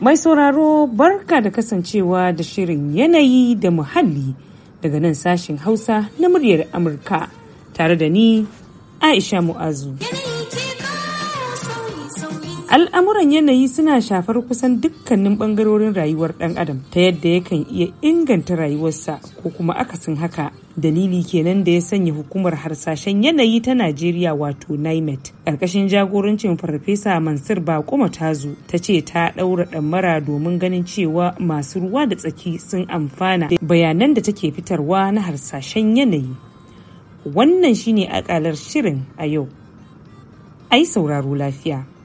Mai sauraro barka da kasancewa da shirin yanayi da muhalli daga nan sashen Hausa na muryar Amurka tare da ni Aisha Mu'azu. al'amuran yanayi suna shafar kusan dukkanin bangarorin rayuwar dan adam ta yadda yakan iya inganta rayuwarsa ko kuma akasin haka dalili kenan da ya sanya hukumar harsashen yanayi ta najeriya wato nimet ƙarƙashin jagorancin farfesa mansur bakuma tazu ta ce ta ɗaura ɗamara domin ganin cewa masu ruwa da tsaki sun amfana bayanan da take fitarwa na harsashen yanayi wannan shine akalar shirin a yau ai sauraro lafiya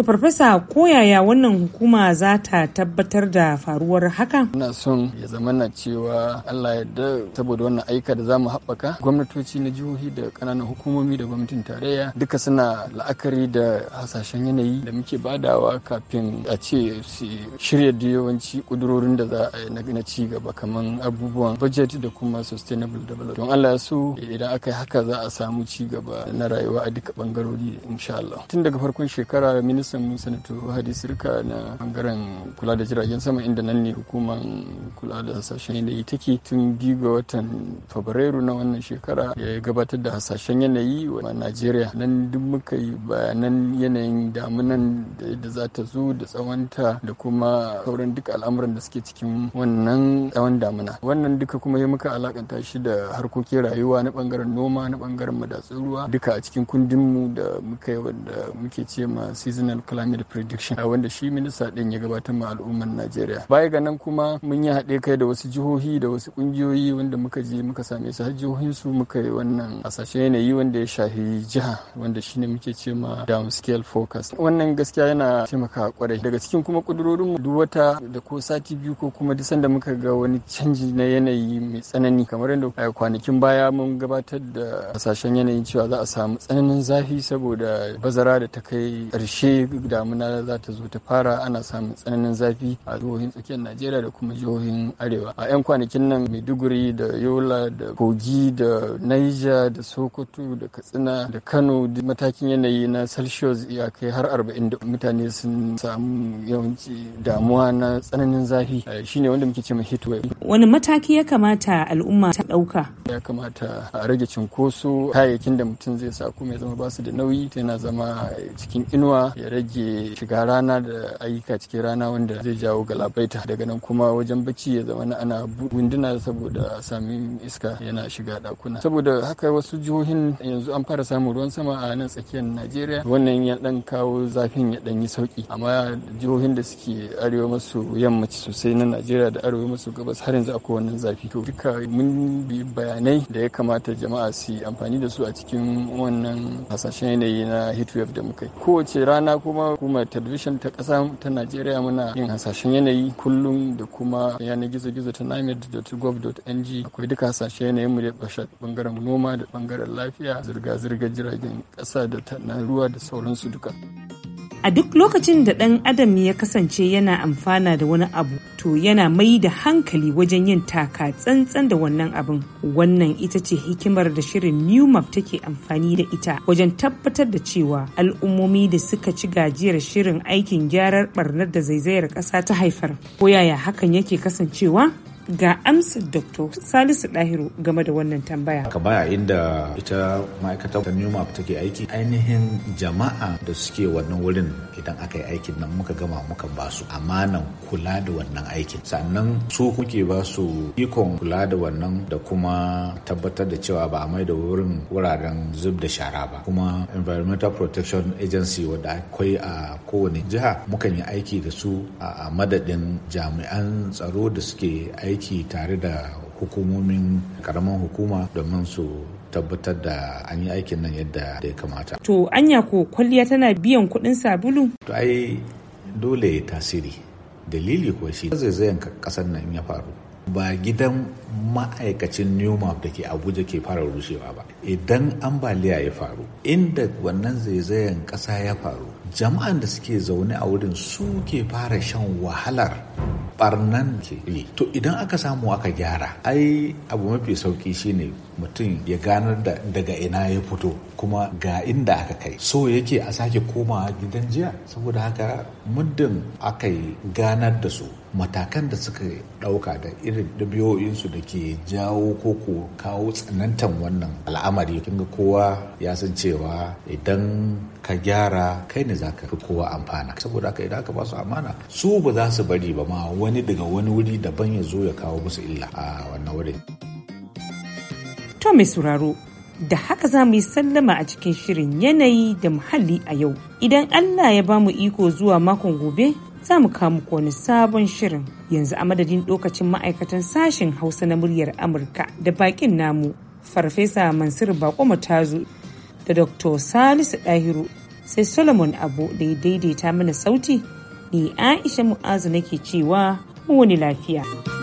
To farfesa ko yaya wannan hukuma za ta tabbatar da faruwar haka? Ina son ya zama na cewa Allah ya da saboda wannan aika da mu haɓaka gwamnatoci na jihohi da ƙananan hukumomi da gwamnatin tarayya duka suna la'akari da hasashen yanayi da muke badawa kafin a ce su shirya da yawanci ƙudurorin da za a yi na ci gaba kamar abubuwan budget da kuma sustainable development. Don Allah ya so idan aka yi haka za a samu ci gaba na rayuwa a duka ɓangarori insha Allah. Tun daga farkon shekara minis. san sanato hadi sirka na bangaren kula da jiragen sama inda nan ne hukumar kula da hasashen yanayi take tun biyu ga watan fabrairu na wannan shekara ya gabatar da hasashen yanayi a najeriya nan duk muka yi bayanan yanayin damunan da za ta zo da tsawonta da kuma sauran duk al'amuran da suke cikin wannan tsawon damuna wannan duka kuma ya muka alakanta shi da harkokin rayuwa na bangaren noma na bangaren madatsun ruwa duka a cikin kundinmu da muka yi wanda muke ce ma seasonal national climate prediction a wanda shi minista din ya gabatar ma al'ummar najeriya baya ga nan kuma mun yi haɗe kai da wasu jihohi da wasu ƙungiyoyi wanda muka je muka same su har jihohin su muka yi wannan hasashen yanayi wanda ya shafi jiha wanda shine muke ce ma down scale focus wannan gaskiya yana taimaka kwarai daga cikin kuma kudurorin mu duk wata da ko sati biyu ko kuma duk sanda muka ga wani canji na yanayi mai tsanani kamar yadda kwanakin baya mun gabatar da hasashen yanayin cewa za a samu tsananin zafi saboda bazara da ta kai ƙarshe damuna za ta zo ta fara ana samun tsananin zafi a jihohin tsakiyar najeriya da kuma jihohin arewa a 'yan kwanakin nan maiduguri da yola da kogi da naija da sokoto da katsina da kano matakin yanayi na celsius ya kai har arba'in da mutane sun samu yawanci damuwa na tsananin zafi eh, shine wanda muke ce heatwave wani mataki ya kamata al'umma ta dauka. ya kamata a rage cinkoso kayayyakin da mutum zai sa kuma ya zama basu da nauyi yana zama cikin inuwa ya rage shiga rana da ayyuka cikin rana wanda zai jawo galabaita daga nan kuma wajen bacci ya zama ana winduna saboda samun sami iska yana shiga dakuna saboda haka wasu jihohin yanzu an fara samun ruwan sama a nan tsakiyar najeriya wannan ya dan kawo zafin ya dan yi sauki amma jihohin da suke arewa maso yammaci sosai na najeriya da arewa maso gabas har yanzu akwai wannan zafi to duka mun bi bayanai da ya kamata jama'a su amfani da su a cikin wannan hasashen yanayi na heatwave da muka yi kowace rana kuma kuma television ta ƙasa ta najeriya muna yin hasashen yanayi kullum da kuma yanar gizo-gizo ta named.gov.ng akwai duka hasashen yanayin mu da bangaren noma da bangaren lafiya zirga-zirgar jiragen ƙasa da na ruwa da sauransu duka. a duk lokacin da ɗan adam ya kasance yana amfana da wani abu to yana mai da hankali wajen yin taka tsantsan da wannan abin wannan ita ce hikimar da shirin new map take amfani da ita wajen tabbatar da cewa al'ummomi da suka ci gajiyar shirin aikin gyarar barnar da zaizayar ƙasa ta haifar ko yaya hakan yake kasancewa ga amsar dr salisu dahiru game da wannan tambaya ka baya inda ita ma'aikatar ta newmap take aiki ainihin jama'a da suke wannan wurin idan aka yi aikin nan muka gama muka ba su amanan kula da wannan aikin sannan su kuke ba su ikon kula da wannan da kuma tabbatar da cewa ba a mai da wurin wuraren zub da shara ba kuma environmental protection agency wadda akwai a kowane jiha mukan yi aiki da su a madadin jami'an tsaro da suke aiki aiki tare da hukumomin karamin hukuma domin su tabbatar da an yi aikin nan yadda ya kamata. To anya ko kwalliya tana biyan kuɗin sabulu? To ai dole tasiri. Dalili kuwa shi zaizayen ƙasar nan ya faru. Ba gidan ma'aikacin Newmap da ke Abuja ke fara rushewa ba. Idan ambaliya ya faru, inda wannan zaizayen ƙasa ya faru, jama'an da suke zaune a wurin su ke fara shan wahalar barnan to idan aka samu aka gyara ai abu mafi sauki shine mutum ya ganar da daga ina ya fito kuma ga inda aka kai so yake a sake komawa gidan jiya saboda haka muddin aka ganar da su matakan da suka ɗauka da irin ɗabi'o'insu da ke jawo ko ko kawo tsanantan wannan al'amari kin ga kowa ya san cewa idan ka gyara kai ne zaka fi kowa amfana saboda haka idan aka ba su amana su ba za su bari ba ma wani daga wani wuri daban ya zo ya kawo musu illa a wannan wurin to mai sauraro da haka za mu yi sallama a cikin shirin yanayi da muhalli a yau idan allah ya ba mu iko zuwa makon gobe za mu kamu wani sabon shirin yanzu a madadin lokacin ma'aikatan sashen hausa na muryar amurka da bakin namu farfesa mansur bako matazu da dr salisu dahiru sai solomon abu da ya daidaita mana sauti ni aisha mu'azu nake cewa mu wani lafiya.